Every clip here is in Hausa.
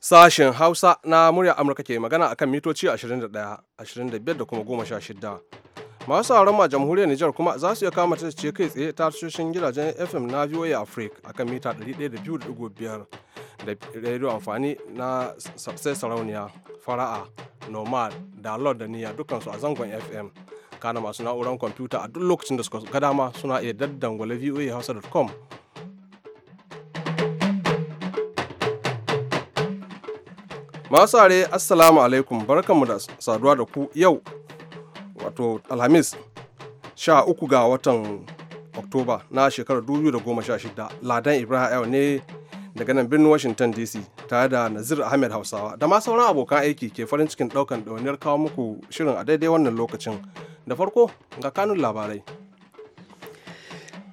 Sashen Hausa na murya Amurka ke magana akan mitoci 21, 25 da kuma 16. Masu sauran ma jamhuriyar Nijar kuma za su iya kama ta ce kai tsaye ta tashoshin gidajen FM na VOA Africa akan mita 102.5 da radio amfani na sai sarauniya, fara'a, nomad, da lord da niyya dukansu a zangon FM. kana masu na'urar kwamfuta a duk lokacin da suka ga dama suna iya daddangwale voahausa.com masu are assalamu alaikum barkanmu da saduwa da ku yau wato alhamis 13 ga watan oktoba na shekarar 2016 ladan ibrahim yau ne daga nan birnin washington dc tare da nazir ahmed hausawa da ma sauran abokan aiki ke farin cikin daukan dauniyar kawo muku shirin a daidai wannan lokacin da farko ga kanun labarai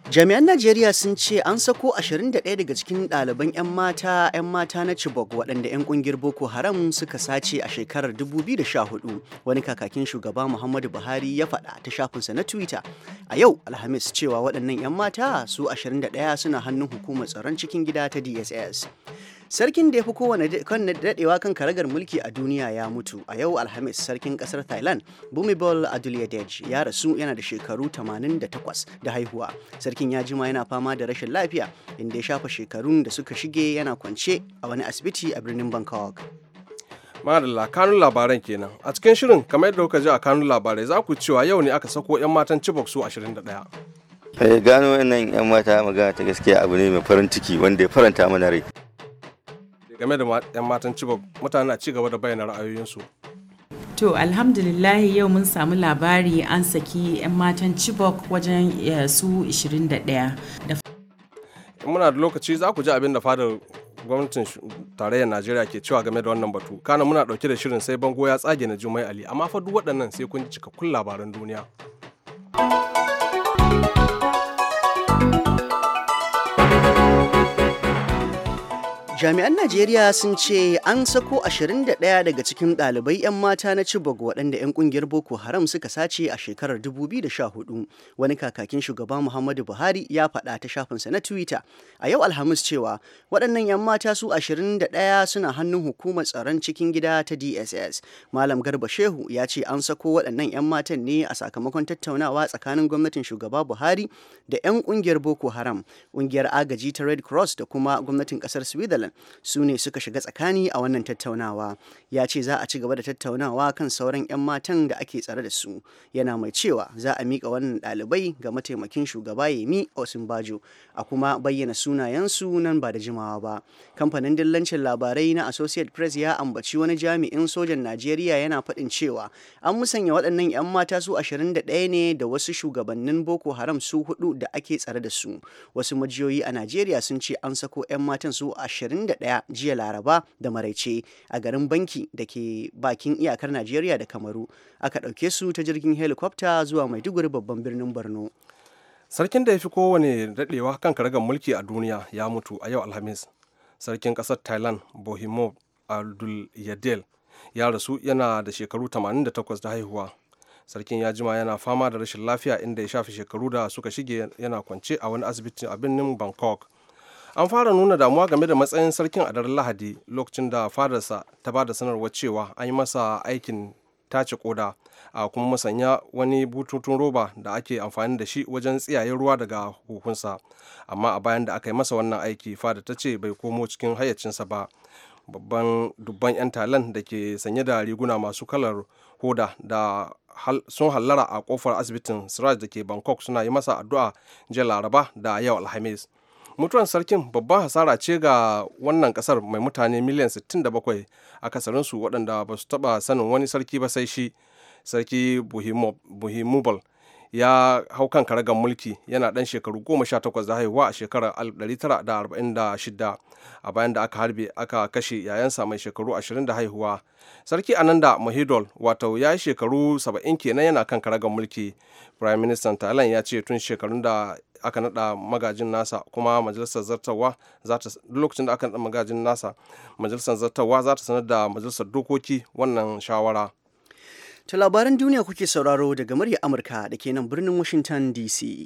jami'an najeriya sun ce an sako 21 daga cikin ɗaliban 'yan mata 'yan mata na chibok waɗanda 'yan ƙungiyar boko haram suka sace a shekarar 2014 wani kakakin shugaba muhammadu buhari ya faɗa ta shafinsa na twitter a yau alhamis cewa waɗannan 'yan mata su 21 suna hannun hukumar tsaron cikin gida ta dss Sarkin da ya fi kowane kan daɗewa kan karagar mulki a duniya ya mutu a yau Alhamis sarkin ƙasar Thailand bumibol Adulyadej ya rasu yana da shekaru 88 da haihuwa. Sarkin ya jima yana fama da rashin lafiya inda ya shafa shekarun da suka shige yana kwance a wani asibiti a birnin Bangkok. Madalla kanun labaran kenan. A cikin shirin kamar yadda kuka ji a kanun labarai za ku cewa yau ne aka sako 'yan matan Chibok su 21. Eh, gano wannan 'yan mata magana ta gaskiya abu ne mai farin ciki wanda ya faranta mana rai. game da 'yan matan Chibok mutane na ci gaba da bayyana ra'ayoyinsu. To alhamdulillahi yau mun samu labari an saki 'yan matan Chibok wajen eh, su 21. Muna da lokaci za ku ji abin da fadar gwamnatin tarayyar Najeriya ke cewa game da wannan batu. Kana muna ɗauke da shirin sai bango ya tsage na Jumai Ali, amma fa duk waɗannan sai kun ji cikakkun labaran duniya. Jami'an Najeriya sun ce an sako 21 daga cikin ɗalibai 'yan mata na Chibok waɗanda 'yan ƙungiyar Boko Haram suka sace a shekarar 2014. Wani kakakin shugaba Muhammadu Buhari ya faɗa ta shafinsa na Twitter a yau Alhamis cewa waɗannan 'yan mata su 21 suna hannun hukumar tsaron cikin gida ta DSS. Malam Garba Shehu ya ce an sako waɗannan 'yan matan ne a sakamakon tattaunawa tsakanin gwamnatin shugaba Buhari da 'yan ƙungiyar Boko Haram, ƙungiyar agaji ta Red Cross da kuma gwamnatin ƙasar Switzerland. su ne suka shiga tsakani a wannan tattaunawa. Ya ce za a ci gaba da tattaunawa kan sauran 'yan matan da ake tsare da su. Yana mai cewa za a miƙa wannan ɗalibai ga mataimakin shugaba Yemi Osinbajo a kuma bayyana sunayensu nan ba da jimawa ba. Kamfanin dillancin labarai na Associate Press ya ambaci wani jami'in sojan Najeriya yana faɗin cewa an musanya waɗannan 'yan mata su 21 ne da wasu shugabannin Boko Haram su hudu da ake tsare da su. Wasu majiyoyi a Najeriya sun ce an sako 'yan matan su 20 ɗaya jiya laraba da maraice a garin banki da ke bakin iyakar najeriya da kamaru aka ɗauke su ta jirgin helikwafta zuwa maiduguri babban birnin borno sarkin da ya fi kowane daɗewa kan karagar mulki a duniya ya mutu a yau alhamis sarkin ƙasar thailand bohimo abdul yadel ya rasu yana da shekaru 88 da haihuwa sarkin ya jima yana fama da rashin lafiya inda ya shafi shekaru da suka shige yana kwance a wani asibiti a birnin bangkok an fara nuna damuwa game da matsayin sarkin a daren lahadi lokacin da fadarsa ta ba da sanarwar cewa an yi masa aikin tace koda a kuma masanya wani bututun roba da ake amfani da shi wajen tsiyayen ruwa daga hukunsa amma a bayan da aka yi masa wannan aiki fada ta ce bai komo cikin hayyacinsa ba babban dubban 'yan talan da ke sanye da riguna masu kalar hoda da sun hallara a kofar asibitin siraj da ke bangkok suna yi masa addu'a jiya laraba da yau alhamis mutuwar sarkin babba hasara ce ga wannan kasar mai mutane miliyan 67 kasarinsu waɗanda ba su taɓa sanin wani sarki ba sai shi sarki buhimubal ya hau kan karagar mulki yana ɗan shekaru goma sha takwas da haihuwa a shekarar 1946 a bayan da aka harbe aka kashe yayansa mai shekaru 20 da haihuwa sarki ananda mahidol wato ya yi shekaru 70 kenan yana kan karagar mulki prime minister thailand ya ce tun shekarun da aka nada magajin nasa kuma majalisar zartawa za ta lokacin da aka nada magajin nasa majalisar zartawa za ta sanar da majalisar dokoki wannan shawara ta labaran duniya kuke sauraro daga murya Amurka da ke nan birnin Washington DC.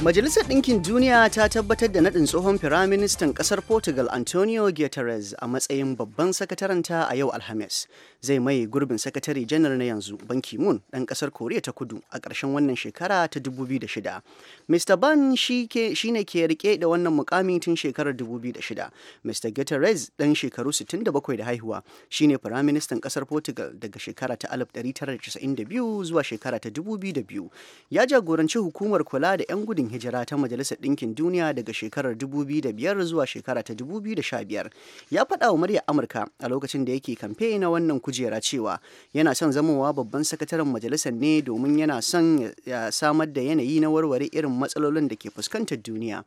Majalisar Ɗinkin Duniya ta tabbatar da naɗin tsohon Firaministan ƙasar Portugal Antonio Guterres a matsayin babban sakataranta a yau Alhamis. Zai mai gurbin sakatare janar na yanzu Ban Ki-moon ɗan ƙasar Koriya ta Kudu a ƙarshen wannan shekara ta 2006. Mr. Ban shi ne ke rike da wannan mukami tun shekarar 2006. Mr. Guterres dan shekaru 67 da haihuwa shine firaministan kasar Portugal daga shekara ta 1992 zuwa shekara ta 2002. Ya jagoranci hukumar kula da 'yan gudun hijira ta Majalisar Ɗinkin Duniya daga shekarar 2005 zuwa shekara ta 2015. Ya faɗa wa murya Amurka a lokacin da yake kamfe na wannan kujera cewa yana son zamowa babban sakataren majalisar ne domin yana son ya samar da yanayi na warware irin matsalolin da ke fuskantar duniya a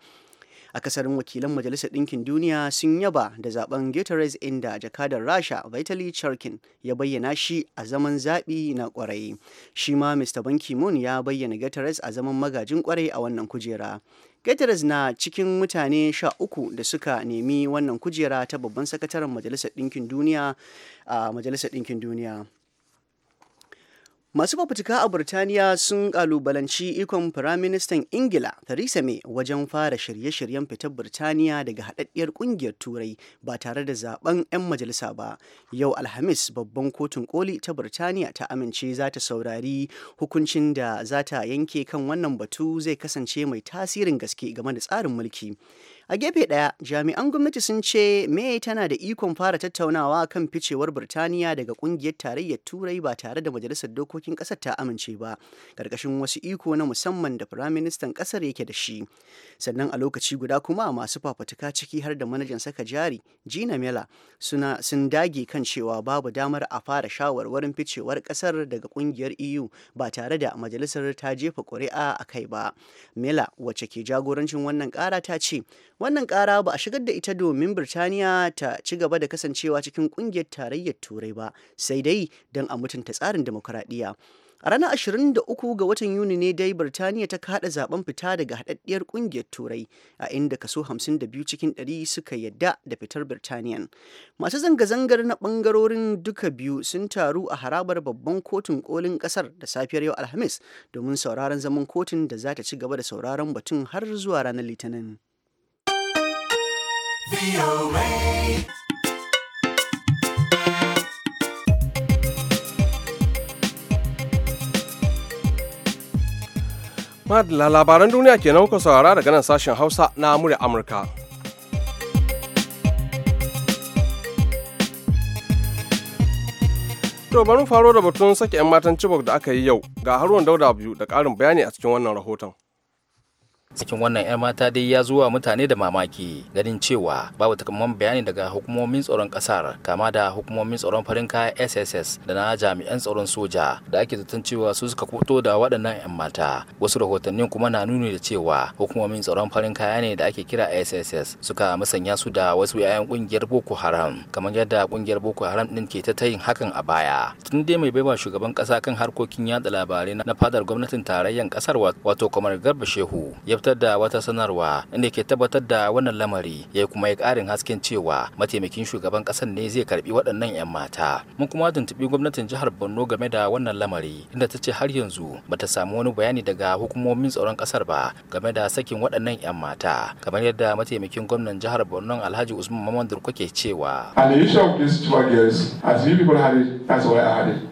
akasarin wakilan majalisar ɗinkin duniya sun yaba da zaben gatorade inda jakadar rasha vitaly charkin ya bayyana shi a zaman zaɓi na kwarai shi ma mr ban moon ya bayyana gatorade a zaman magajin kwarai a wannan kujera gatorade na cikin mutane sha uku da suka nemi wannan kujera ta babban sakataren majalisar ɗinkin duniya a majalisar ɗinkin duniya Masu fafutuka a Burtaniya sun kalubalanci ikon Firaministan Ingila Theresa May wajen fara shirye-shiryen fitar Burtaniya daga haɗaɗɗiyar ƙungiyar Turai ba tare da zaben 'yan majalisa ba. Yau Alhamis babban kotun koli ta Burtaniya ta amince za ta saurari hukuncin da za ta yanke kan wannan batu zai kasance mai tasirin gaske game da tsarin mulki. A gefe ɗaya, jami'an gwamnati sun ce May tana da ikon fara tattaunawa kan ficewar Birtaniya daga ƙungiyar tarayyar Turai ba tare da Majalisar Dokokin ƙasar ta amince ba, ƙarƙashin wasu iko na musamman da Firaministan ƙasar yake da shi. Sannan a lokaci guda kuma masu fafatuka ciki har da manajan saka jari Gina Mela suna sun dage kan cewa babu damar a fara shawarwarin ficewar ƙasar daga ƙungiyar EU ba tare da Majalisar ta jefa ƙuri'a a kai ba. Mela wacce ke jagorancin wannan ƙara ta ce wannan kara ba a shigar da ita domin birtaniya ta ci gaba da kasancewa cikin kungiyar tarayyar turai ba sai dai don a mutunta tsarin demokuraɗiyya A ranar 23 ga watan Yuni ne dai Birtaniya ta kada zaben fita daga haɗaɗɗiyar ƙungiyar Turai, a inda kaso 52 cikin 100 suka yadda da fitar Birtaniyan. Masu zanga-zangar na bangarorin duka biyu sun taru a harabar babban kotun kolin ƙasar da safiyar yau Alhamis domin sauraron zaman kotun da za ta ci gaba da sauraron batun har zuwa ranar Litinin. madla labaran duniya ke kuka saurara daga nan sashen Hausa na murya Amurka. To bari faro da batun sake 'yan matan Chibok da aka yi yau ga haruwan dauda biyu da ƙarin bayani a cikin wannan rahoton. cikin wannan 'yan mata dai ya zuwa mutane da mamaki ganin cewa babu takamaiman bayani daga hukumomin tsaron kasar kama da hukumomin tsaron farin kaya sss da na jami'an tsaron soja da ake zaton cewa su suka koto da waɗannan 'yan mata wasu rahotannin kuma na nuni da cewa hukumomin tsaron farin kaya ne da ake kira sss suka musanya su da wasu 'ya'yan kungiyar boko haram kamar yadda kungiyar boko haram din ke ta yin hakan a baya tun dai mai baiwa shugaban kasa kan harkokin yada labarai na fadar gwamnatin tarayyan kasar wato kamar garba shehu ya tabbatar da wata sanarwa inda ke tabbatar da wannan lamari ya kuma yi karin hasken cewa mataimakin shugaban ƙasar ne zai karbi waɗannan 'yan mata mun kuma tuntuɓi gwamnatin jihar borno game da wannan lamari inda ta ce har yanzu bata samu wani bayani daga hukumomin tsaron ƙasar ba game da sakin waɗannan 'yan mata kamar yadda mataimakin gwamnan jihar borno alhaji usman mamman durko ke cewa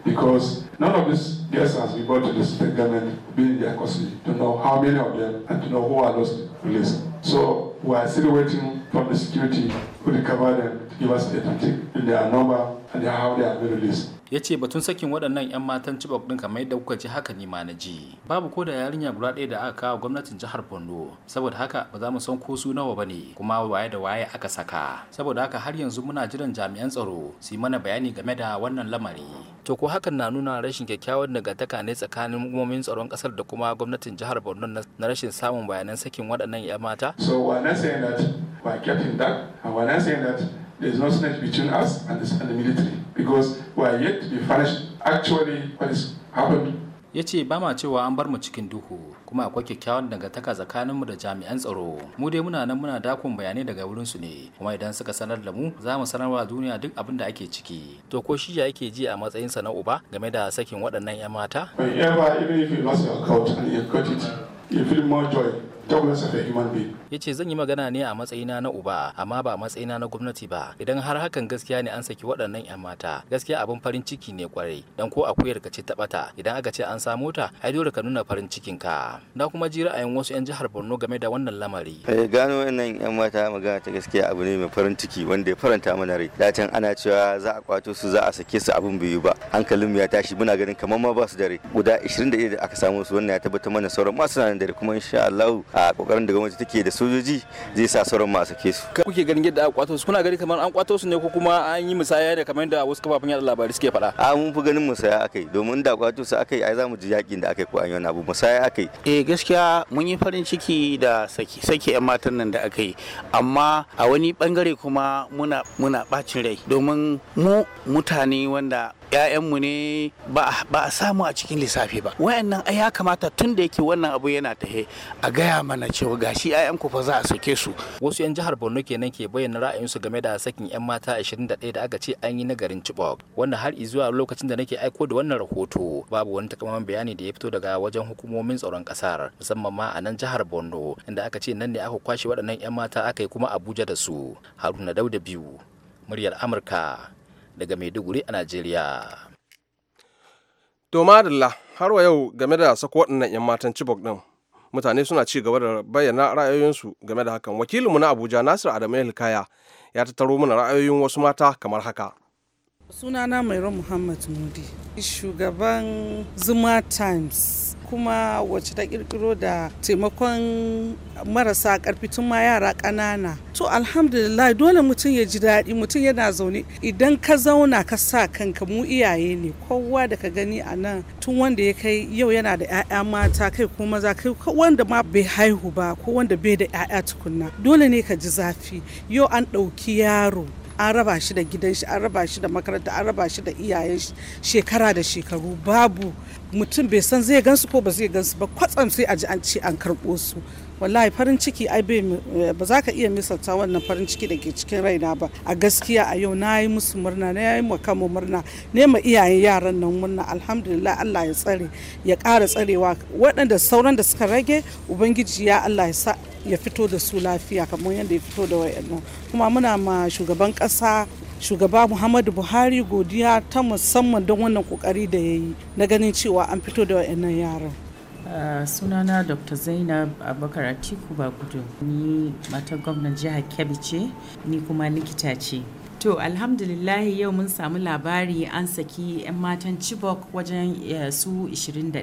because none of these guests has been brought to state government being their custody to know how many of them and to know who are lost released. So we are still waiting from the security to recover them to give us a in their number and how they are released. ya ce batun sakin waɗannan 'yan matan cibok ɗin kamar yadda kuka ji haka ni ma na ji babu ko da yarinya guda ɗaya da aka kawo gwamnatin jihar borno saboda haka ba za mu san ko su nawa ba ne kuma waye da waye aka saka saboda haka har yanzu muna jiran jami'an tsaro su yi mana bayani game da wannan lamari to ko hakan na nuna rashin kyakkyawan dangantaka ne tsakanin hukumomin tsaron kasar da kuma gwamnatin jihar borno na rashin samun bayanan sakin waɗannan 'yan mata so wannan that by getting that and that there is no synergy between us and the, and the military because we are yet to be furnished actually what has happened ya ce ba ma cewa an bar mu cikin duhu kuma akwai kyakkyawan dangantaka tsakaninmu da jami'an tsaro mu dai muna nan muna dakon bayanai daga wurin su ne kuma idan suka sanar da mu za mu sanarwa duniya duk abin da ake ciki to ko shi ya yake ji a matsayin sa na uba game da sakin waɗannan 'yan mata whenever even if you lost your coat and you cut it you feel more joy talk less of a human being ya ce zan yi magana ne a matsayina na uba amma ba matsayina na gwamnati ba idan har hakan gaskiya ne an saki waɗannan 'yan mata gaskiya abin farin ciki ne kwarai dan ko akuyar ka ce ta idan aka ce an samu ta ai dole ka nuna farin cikin ka na kuma ji ra'ayin wasu 'yan jihar Borno game da wannan lamari eh gano wannan 'yan mata magana ta gaskiya abu ne mai farin ciki wanda ya faranta mana rai datan ana cewa za a kwato su za a sake su abin bai ba hankalin ya tashi muna ganin kamar ma ba su da rai guda 21 da aka samu su wannan ya tabbatar mana sauran masu nan da kuma insha Allah a kokarin da gwamnati take da su sojoji zai sa sauran masu ke su kuke ganin yadda aka kwato su kuna gani kamar an kwato su ne ko kuma an yi musaya da kamar da wasu kafafen yada labarai suke faɗa a mun fi ganin musaya akai domin da kwato su akai ai za mu ji yakin da akai ko an yi wani abu musaya akai eh gaskiya mun yi farin ciki da saki saki yan matan nan da aka yi amma a wani bangare kuma muna muna bacin rai domin mu mutane wanda ƴaƴanmu ne ba a samu a cikin lissafi ba wayannan ai ya kamata tun da yake wannan abu yana tahe a gaya mana cewa gashi ku fa za a sake su wasu 'yan jihar borno kenan ke bayyana ra'ayin su game da sakin 'yan mata 21 da aka ce an yi na garin chibok wannan har zuwa lokacin da nake aiko da wannan rahoto babu wani takamaiman bayani da ya fito daga wajen hukumomin tsaron kasar musamman ma a nan jihar borno inda aka ce nan ne aka kwashe waɗannan 'yan mata aka yi kuma abuja da su haruna dauda biyu muryar amurka daga Maiduguri a Najeriya. To madalla har wa yau game da sako waɗannan 'yan matan Chibok ɗin mutane suna ci gaba da bayyana ra'ayoyinsu game da hakan wakilinmu na Abuja Nasir Adamu Hilkaya ya tattaro mana ra'ayoyin wasu mata kamar haka. Sunana Mairo Muhammad Mudi, shugaban Zuma Times kuma wacce ta kirkiro da taimakon marasa karfi tun ma yara ƙanana to alhamdulillah dole mutum ya ji daɗi mutum yana zaune idan ka zauna ka sa kanka mu iyaye ne kowa da ka gani a nan tun wanda ya kai yau yana da 'ya'ya mata kai ko maza kai wanda ma bai haihu ba ko wanda bai da 'ya'ya tukunna dole ne ka ji zafi yau an ɗauki yaro an raba shi da gidan shi an raba shi da makaranta an raba shi da iyayen shi shekara da shekaru babu mutum bai san zai gansu ko ba zai gansu ba kwatsam sai a ji an ce an karɓo su wallahi farin ciki ai eh, ba za ka iya misalta wannan farin ciki da ke cikin raina ba a gaskiya a yau na yi musu murna na yi ma kanmu murna ne ma iyayen yaran nan murna alhamdulillah Allah ya tsare ya kara tsarewa waɗanda sauran da suka rage ubangiji ya Allah ya sa ya fito da su lafiya kamar yadda ya fito da wayannan kuma muna ma shugaban ƙasa shugaba muhammadu buhari godiya ta musamman don wannan kokari da ya yi na ganin cewa an fito da wayannan yaran ah, sunana dr zainab abubakar atiku gudu ni matar gwamnan jihar kebbi ce ni kuma likita ce To alhamdulillah yau mun samu labari an saki 'yan matan Chibok wajen eh, su 21.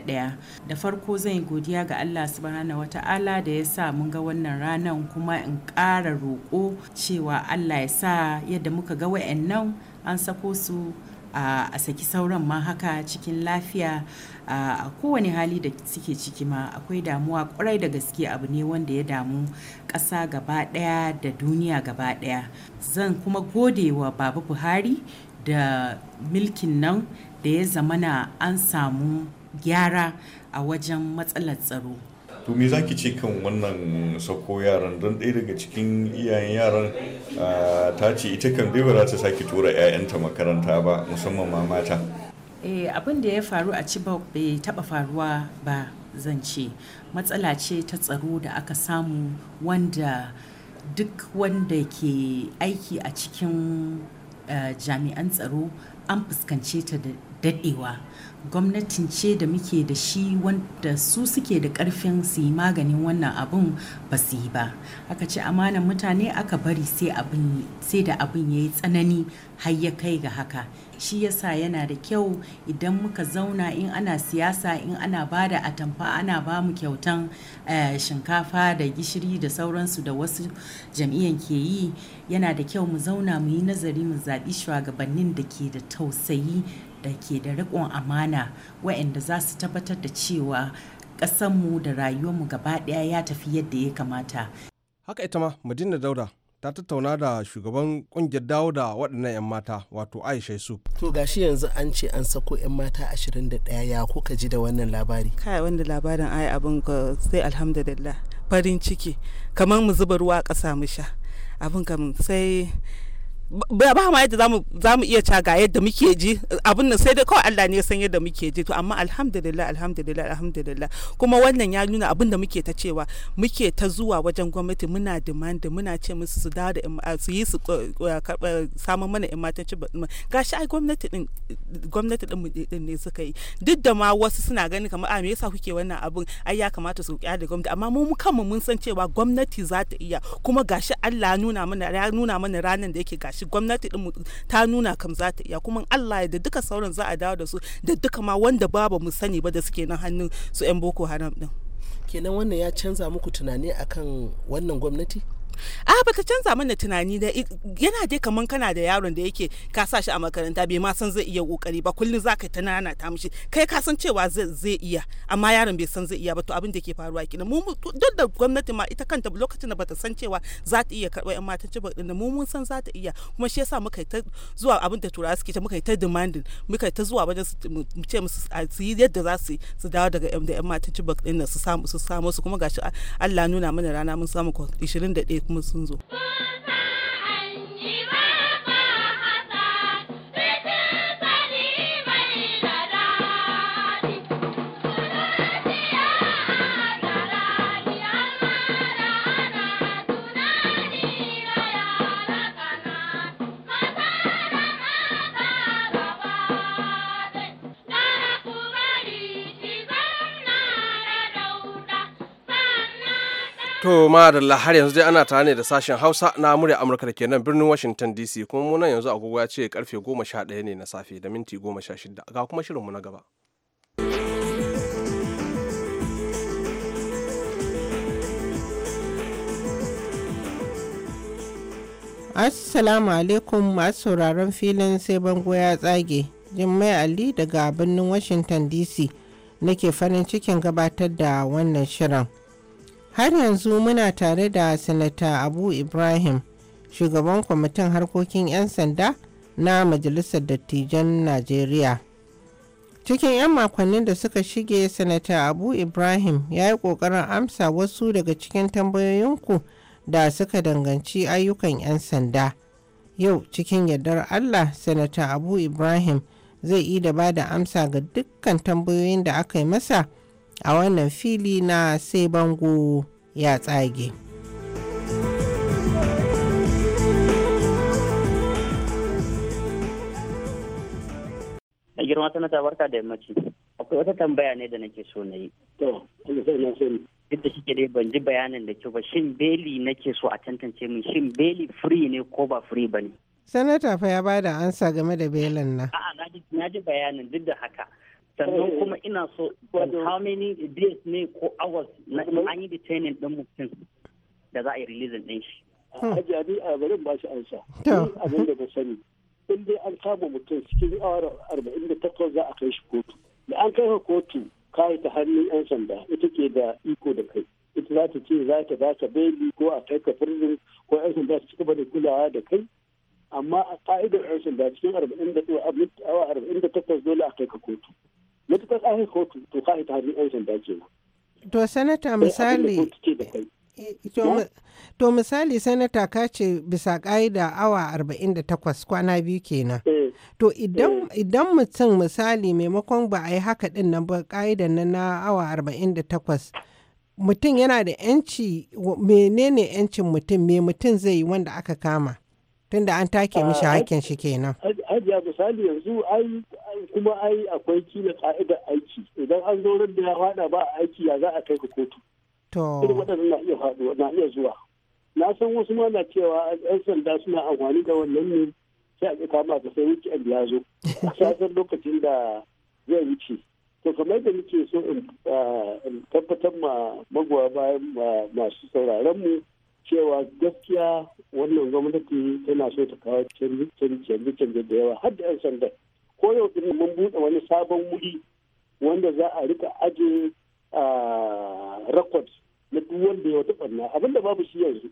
Da farko zan yi godiya ga Allah wata wata'ala da ya sa mun ga wannan ranar kuma in ƙara roƙo cewa Allah ya sa yadda muka ga wa'annan an sako su a saki sauran ma haka cikin lafiya a kowane hali da suke ciki ma akwai damuwa kwarai da gaske abu ne wanda ya damu ƙasa gaba ɗaya da duniya gaba ɗaya zan kuma gode wa baba buhari da milkin nan da ya zamana an samu gyara a wajen matsalar tsaro to me zaki ce kan wannan sako yaran don ɗaya daga cikin iyayen yaran ta ce ita kan bai ba za ta sake tura 'ya'yanta makaranta ba musamman ma mata eh, abin da ya faru a chibok bai taba faruwa ba zan ce matsala ce ta tsaro da aka samu wanda duk wanda ke aiki a cikin eh, jami'an tsaro an fuskance ta da daɗewa gwamnatin ce da muke da shi wanda su suke da karfin su yi maganin wannan abun ba su yi ba aka ce amanan mutane aka bari sai da abin ya yi tsanani har ya kai ga haka shi yasa yana da kyau idan muka zauna in ana siyasa in ana ba da atamfa ana ba mu kyautan eh, shinkafa da gishiri da sauransu da wasu jam'iyyar ke yi yana da kyau mu zauna mu yi nazari mu zaɓi shugabannin da ke da tausayi da ke da riƙon amana waɗanda za su tabbatar da cewa ƙasanmu da rayuwarmu gaba ɗaya ya tafi yadda ya kamata. Haka ita ma Madina Dauda ta tattauna da shugaban ƙungiyar dawo da waɗannan 'yan mata wato Aisha su To gashi yanzu an ce an sako 'yan mata ashirin da ɗaya ya kuka ji da wannan labari. Kai wanda labarin ai abin ka sai alhamdulillah farin ciki kamar mu zuba ruwa a ƙasa mu sha abin kam sai ba ba ma yadda zamu zamu iya ca ga yadda muke ji abin nan sai dai kawai Allah ne ya san yadda muke ji to amma alhamdulillah alhamdulillah alhamdulillah kuma wannan ya nuna abin da muke ta cewa muke ta zuwa wajen gwamnati muna demand muna ce musu su dawo da su yi su eh, samun mana in mata ci gashi ai gwamnati din gwamnati din din ne suka yi duk da ma wasu suna gani kamar a me yasa kuke wannan abin ai ya kamata su da gwamnati amma mu kanmu mun san cewa gwamnati za ta iya kuma gashi Allah nuna mana ya nuna mana ranan da yake gashi shi gwamnati din ta nuna kam za ta iya kuma Allah da duka sauran za a dawo da su da duka ma wanda babu mu sani ba da suke nan hannun su yan boko haram din kenan wannan ya canza muku tunani akan wannan gwamnati a ah, bata canza mana tunani da yana dai kamar kana da yaron da yake ka sa shi a makaranta bai ma san zai iya kokari ba kullum zaka ta nana ta mishi kai ka san cewa zai iya amma yaron bai san zai iya ba to abin da ke faruwa kina mu duk da gwamnati ma ita kanta lokacin da bata san cewa za ta iya karɓar yan matan ci bakin mu mun san za ta iya kuma shi yasa muka ta zuwa abin da turawa suke ta muka ta demanding muka ta zuwa wajen mu ce musu su yi yadda za su su dawo daga yan matan ci bakin su samu su samu su kuma gashi Allah nuna mana rana mun samu 21 kuma sun zo. To da har yanzu dai ana tare ne da sashen Hausa na murya Amurka da ke nan birnin Washington DC kuma mu yanzu agogo ya ce karfe 11 ne na safe da minti 16 ga kuma shirinmu na gaba. Assalamu alaikum masu sauraron filin sai bango ya tsage. Jummai Ali daga birnin Washington DC nake farin cikin gabatar da wannan shirin. har yanzu muna tare da sanata abu ibrahim shugaban kwamitin harkokin 'yan sanda na majalisar dattijan najeriya cikin 'yan makonnin da suka shige sanata abu ibrahim ya yi kokarin amsa wasu daga cikin tambayoyinku da suka danganci ayyukan 'yan sanda yau cikin yardar allah sanata abu ibrahim zai yi da ba da amsa ga dukkan tambayoyin da aka yi masa a wannan fili na sai bango ya tsage. Na girma sanata barka da yammaci. Akwai wata tambaya ne da nake so na yi. To, na Duk da shike dai ban ji bayanin da kyau ba shin beli nake so a tantance min shin beli free ne ko ba free ba ne. Sanata fa ya bada ansa game da belin nan. A'a na ji bayanin duk da haka. sannan eh, kuma ina so how many days ne ko hours na an yi detaining din mutum da za a yi releasing din shi a Abi a bari ba shi sa. Abin da ba sani. In dai an kama mutum cikin awar arba'in da takwas za a kai shi kotu. Da an kai kotu kayi ta hannun 'yan sanda ita ke da iko da kai. Ita za ta ce za ta ba ka beli ko a kai ka firzin ko 'yan sanda su cika da kulawa da kai. Amma a ka'idar 'yan sanda cikin arba'in da awa arba'in da takwas dole a kai ka kotu. matukar an kotu to ka ita hannun 'yan sanda ke to sanata misali to misali sanata ka ce bisa ka'ida awa 48 kwana biyu kenan eh. to eh. idan mutum misali maimakon ba a yi haka din nan ba ka'ida na na awa 48 mutum yana da yanci menene yancin mutum me mutum zai yi wanda aka kama tunda an take mishi ah, haƙƙin shi kenan. Hajiya misali yanzu ai kuma ai akwai kila ka'ida aiki idan an zo da ya fada ba aiki ya za a kai ka kotu. To. Irin waɗannan na iya faɗuwa na iya zuwa. Na san wasu ma na cewa 'yan sanda suna amfani da wannan ne sai a kama ta sai weekend ya zo. A san lokacin da zai wuce. To kamar da muke so ah, in tabbatar ma magoya bayan ah, masu sauraron mu. cewa gaskiya wannan gwamnati tana so ta kawo canje-canje da yawa har da 'yan sanda ko yau mun buɗe wani sabon wuri wanda za a rika aje rakwad na duk wanda ya wata ɓarna abinda babu shi yanzu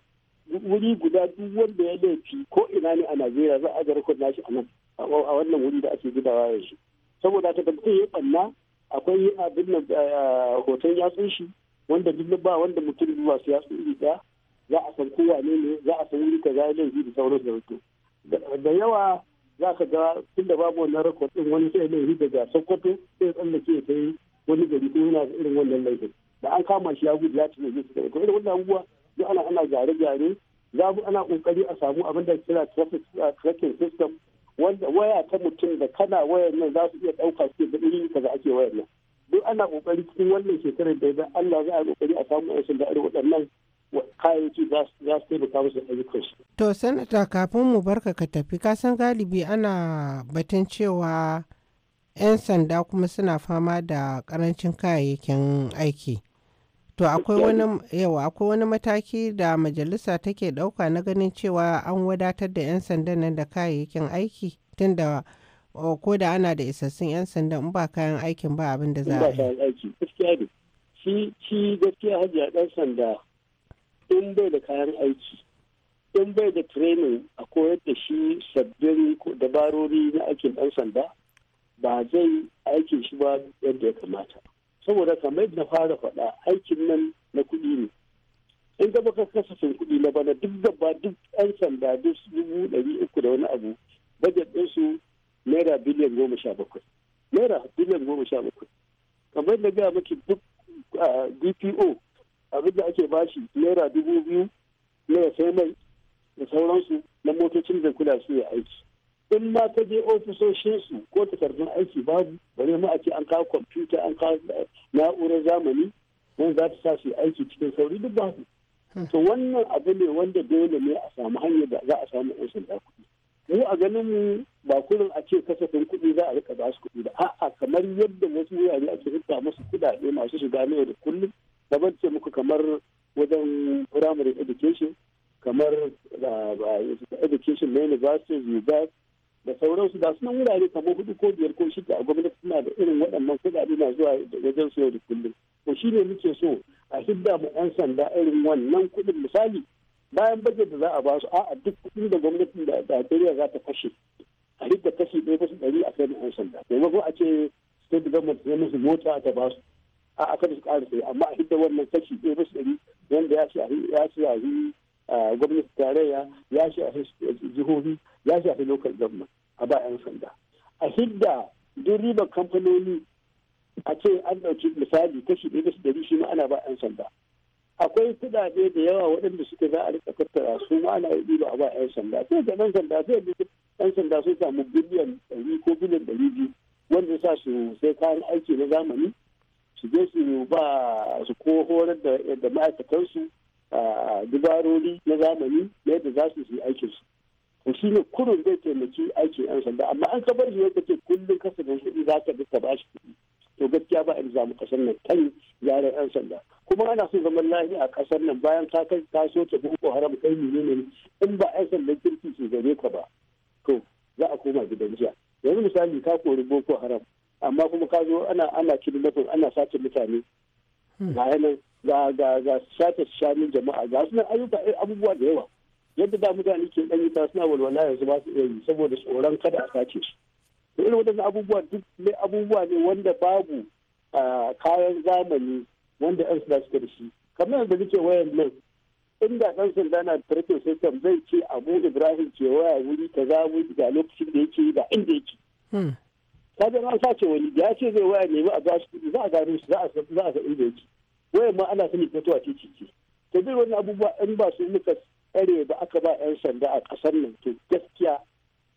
wuri guda duk wanda ya laifi ko ina ne a najeriya za a ga rakwad nashi a nan a wannan wuri da ake gudawa yanzu saboda ta tabbatar ya ɓanna akwai abin hoton yatsun shi wanda duk ba wanda mutum zuwa su yatsun shi za a san kowa ne ne za a san wuri kaza laifi da sauran da wato da yawa za ka ga tunda babu wannan rakwar din wani sai laifi daga sokoto sai tsallake ya kai wani gari ko yana irin wannan laifin da an kama shi ya gudu ya ci ne zai da irin wannan abubuwa duk ana ana gyare gare za mu ana kokari a samu abin da kira tracking system wanda waya ta mutum da kana wayar nan za su iya ɗauka su da irin kaza ake wayar nan duk ana kokari cikin wannan shekarar da idan Allah za a kokari a samu yan da irin waɗannan kayayyaki za su taimaka musu ayyukansu. To sanata kafin mu barka ka tafi kasan galibi ana batun cewa 'yan sanda kuma suna fama da karancin kayayyakin aiki. To akwai wani yawa akwai wani mataki da majalisa take ɗauka na ganin cewa an wadatar da 'yan sanda nan da kayayyakin aiki tunda ko da ana da isassun 'yan sanda in ba kayan aikin ba abin da za a yi. Shi gaskiya hajiya ɗan sanda in bai da kayan aiki in bai da training a koyar da shi sabbin dabarori na aikin ɗan sanda ba zai aikin shi ba yadda ya kamata saboda kamar yadda fara faɗa aikin nan na kuɗi ne in gaba ka kasafin kuɗi na bana duk gaba duk ɗan sanda duk dubu ɗari uku da wani abu bajet ɗinsu naira biliyan goma sha bakwai naira biliyan goma sha bakwai kamar yadda gaya maki duk dpo ah, abin da ake bashi naira dubu biyu na ya sai mai da sauransu na motocin da kula su ya aiki in ma ta je ofisoshinsu ko takardun aiki babu bare mu a ce an kawo kwamfuta an kawo na'urar zamani wanda za ta sa su aiki cikin sauri duk babu hmm. to wannan abu ne wanda dole ne a samu hanyar da za a samu yan sanda kuɗi mu a ganin mu ba kullum a ce kasafin kuɗi za a rika ba su kuɗi ba a'a kamar yadda wasu wurare ake rika musu kuɗaɗe masu shiga na da kullum daban ce muku kamar wajen primary education kamar ah, education na university reserve da sauransu da sunan wurare kamar hudu ko biyar ko shida a gwamnati suna da irin waɗannan kuɗaɗe na zuwa wajen su yau da kullum to shi ne muke so a hidda mu 'yan sanda irin wannan kuɗin misali bayan baje da za a ba su a'a duk kuɗin da gwamnatin da Najeriya za ta kashe a hidda kashi ɗaya su ɗari a kai 'yan sanda maimakon a ce state government ya musu mota ta ba su a aka su ƙara sai amma a hidda wannan kashi ɗaya bisa ɗari wanda ya shafi ya shafi gwamnati tarayya ya shafi jihohi ya shafi local government a ba 'yan sanda a hidda duk ribar kamfanoni a ce an ɗauki misali kashi ɗaya bisa ɗari shi ma ana ba 'yan sanda akwai kuɗaɗe da yawa waɗanda suke za a rika tattara su ma ana yi ba a ba 'yan sanda sai da 'yan sanda sai da 'yan sanda sun samu biliyan ɗari ko biliyan ɗari biyu wanda sa su sai kayan aiki na zamani su je su ba su ko horar da ma'aikatansu a dubarori na zamani na yadda za su yi aikin su to shi ne kurun zai taimaki aikin yan sanda amma an ka bar shi yadda ce kullum kasa da kuɗi za ka duka ba shi kuɗi to gaskiya ba in zamu kasar nan kan yaran yan sanda kuma ana so zaman lafiya a kasar nan bayan ka kai ka so ta boko haram kai ne ne in ba yan sanda kirki su gare ka ba to za a koma gidan jiya yanzu misali ka kori boko haram amma kuma ka zo ana ana kidnapping ana sace mutane hmm. ga yanan ga ga ga sace shanun jama'a ga suna ayyuka eh, abubuwa da yawa yadda da mutane ke dan ta suna walwala yanzu ba su yi saboda tsoron kada a sace su to irin waɗannan abubuwa duk ne abubuwa ne wanda babu kayan zamani wanda yan sanda suka da shi kamar yadda nake wayan nan inda ɗan sanda na tracking system zai ce abu ibrahim ke waya wuri kaza wuri ga lokacin da yake da inda yake hmm. kaje an sace wani ya ce zai waya nemi a bashi kuɗi za a gano shi za a za a inda yake waya ma ana sani ko ta ce ce to dai wannan abubuwa in ba su muka tsare ba aka ba yan sanda a kasar nan to gaskiya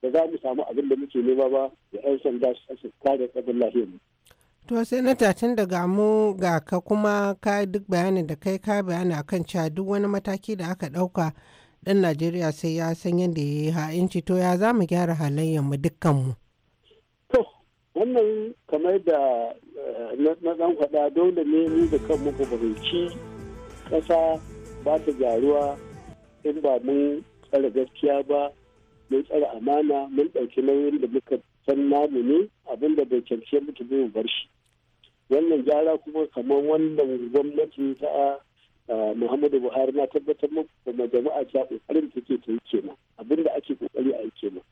da za mu samu abin da muke nema ba da yan sanda su kare tsabin lafiyar mu To Senata tun daga mu ga ka kuma ka duk bayanin da kai ka bayani akan cewa duk wani mataki da aka ɗauka ɗan Najeriya sai ya san yadda ya yi ha'inci to ya za mu gyara halayyar mu dukkanmu. wannan kamar da eh, na dan faɗa dole ne ni da kan muku fahimci ƙasa ba ta gyaruwa in ba mun tsara gaskiya ba mun tsara amana mun ɗauki nauyin da muka san namu ne abin da bai cancance muke bai bar shi wannan gyara kuma kamar wannan gwamnati ta eh, muhammadu buhari na tabbatar muku kuma jama'a ta kokarin take ta yi kenan abin da ake kokari a yi kenan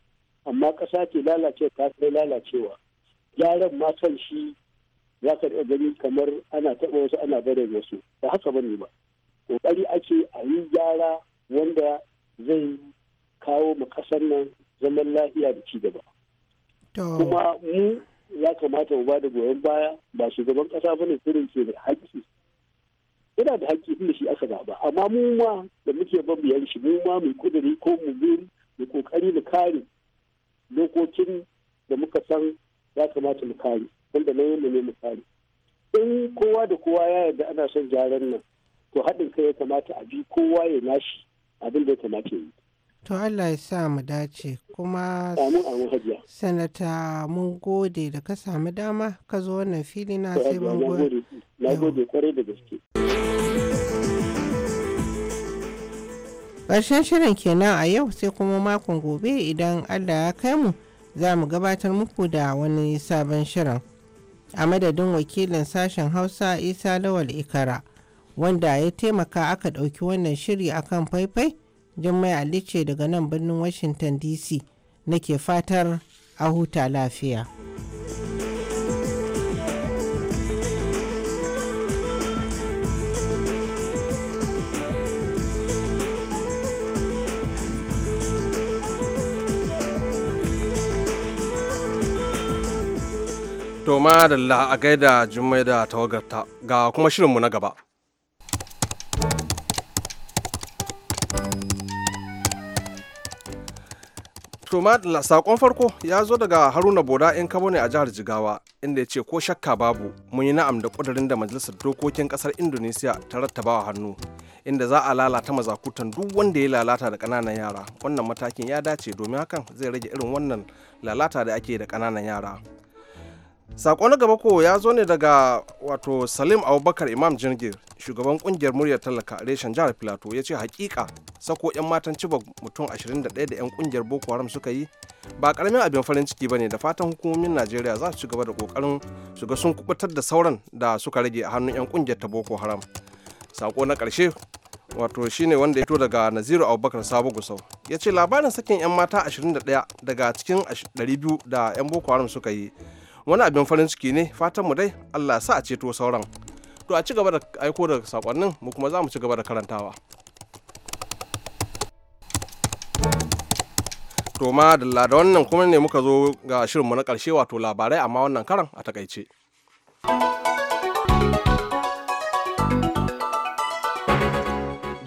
amma ƙasa ke lalace ta lalacewa gyaran ma shi za ka iya gani kamar ana taɓa wasu ana barin wasu ba haka bane ba ƙoƙari ake a yi gyara wanda zai kawo mu ƙasar nan zaman lafiya da cigaba kuma mu ya kamata mu ba da goyon baya ba shugaban ƙasa bane turin ke da haƙƙi yana da haƙƙi tun shi aka zaba amma mu ma da muke ban biyar shi mu ma mu kuduri ko mu biyu mu kokari mu kare dokokin da muka san ya kamata mu kare wanda na ne mu kare in kowa da kowa ya yarda ana son jaran nan to haɗin kai ya kamata a bi kowa ya nashi abin da ya kamata yi to Allah ya sa mu dace kuma sanata mun gode da ka samu dama ka zo wannan fili na sai mun gode na gode kwarai da gaske ƙarshen shirin kenan a yau sai kuma makon gobe idan Allah ya kai mu za mu gabatar muku da wani sabon shirin a madadin wakilin sashen hausa isa lawal ikara wanda ya taimaka aka ɗauki wannan shiri akan faifai jimmai alice daga nan birnin washington dc nake fatar a huta lafiya To la a gaida jummai da tawagarta ga kuma shirinmu na gaba. To da sakon farko ya zo daga Haruna Boda in kabo ne a jihar Jigawa inda ya ce ko shakka babu mun yi na'am da ƙudurin da majalisar dokokin ƙasar indonesiya ta rattabawa hannu inda za a lalata mazakutan duk wanda ya lalata da ƙananan yara wannan matakin ya dace domin hakan zai rage irin wannan lalata da ake da ƙananan yara. sako na gaba ko ya zo ne daga wato salim abubakar imam jirgin shugaban kungiyar muryar talaka reshen jihar filato ya ce hakika sako 'yan matan cibok mutum 21 da 'yan kungiyar boko haram suka yi ba karamin abin farin ciki ba ne da fatan hukumomin najeriya za su gaba da kokarin su ga sun kubutar da sauran da suka rage a hannun 'yan kungiyar ta boko haram sako na karshe wato shine wanda ya to daga naziru abubakar sabo gusau ya ce labarin sakin 'yan mata 21 daga cikin 200 da 'yan boko haram suka yi wani abin farin ciki ne fatan mu dai Allah sa a ceto sauran to a ci gaba da aiko da sakonnin mu kuma za mu ci gaba da karantawa to ma da da wannan kuma ne muka zo ga shirin mu na karshe wato labarai amma wannan karan a takaice.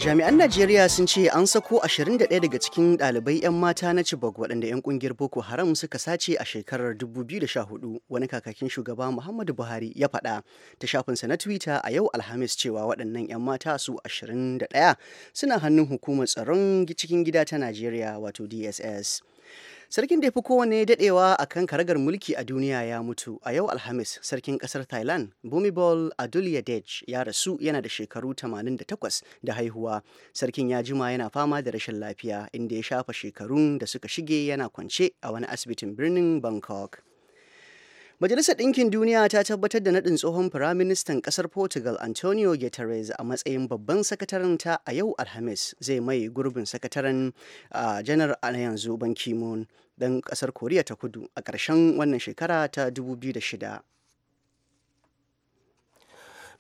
Jami'an Najeriya sun ce an sako 21 daga cikin dalibai 'yan mata na Chibok waɗanda 'yan ƙungiyar Boko Haram suka sace a shekarar 2014 wani kakakin shugaba Muhammadu Buhari ya faɗa ta shafinsa na Twitter a yau Alhamis cewa waɗannan 'yan mata su 21 suna hannun hukumar tsaron cikin gida ta Najeriya wato DSS. Sarkin da ya fi kowane dadewa a kan karagar mulki a duniya ya mutu a yau Alhamis sarkin kasar Thailand Bhumibol Adulyadej ya rasu yana da shekaru 88 da haihuwa. Sarkin ya jima yana fama da rashin lafiya inda ya shafa shekarun da suka shige yana kwance a wani asibitin birnin Bangkok. Majalisar Ɗinkin Duniya ta tabbatar da nadin tsohon Firaministan ƙasar Portugal Antonio Guterres a matsayin babban sakataren ta a yau Alhamis zai mai gurbin sakataren janar a yanzu Ban Ki-moon ɗan ƙasar Koriya ta Kudu a karshen wannan shekara ta 2006.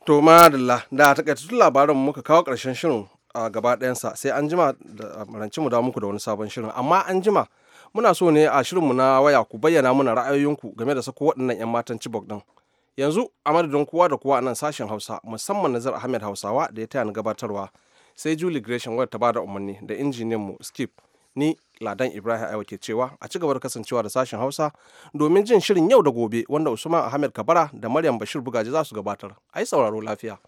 To ma da takaitattun labaran muka kawo ƙarshen shirin a gaba sa sai an jima da da muku da wani sabon shirin amma an jima muna so ne a shirinmu na waya ku bayyana mana ra'ayoyinku game da sako waɗannan 'yan matan cibok ɗin yanzu a madadin kowa da kowa a nan sashen hausa musamman nazar ahmed hausawa da ya taya ni gabatarwa sai julie gresham wadda ta ba da umarni da injiniyan mu skip ni ladan ibrahim aiwa ke cewa a ci gaba da kasancewa da sashen hausa domin jin shirin yau da gobe wanda usman ahmed kabara da maryam bashir bugaji za su gabatar ai sauraro lafiya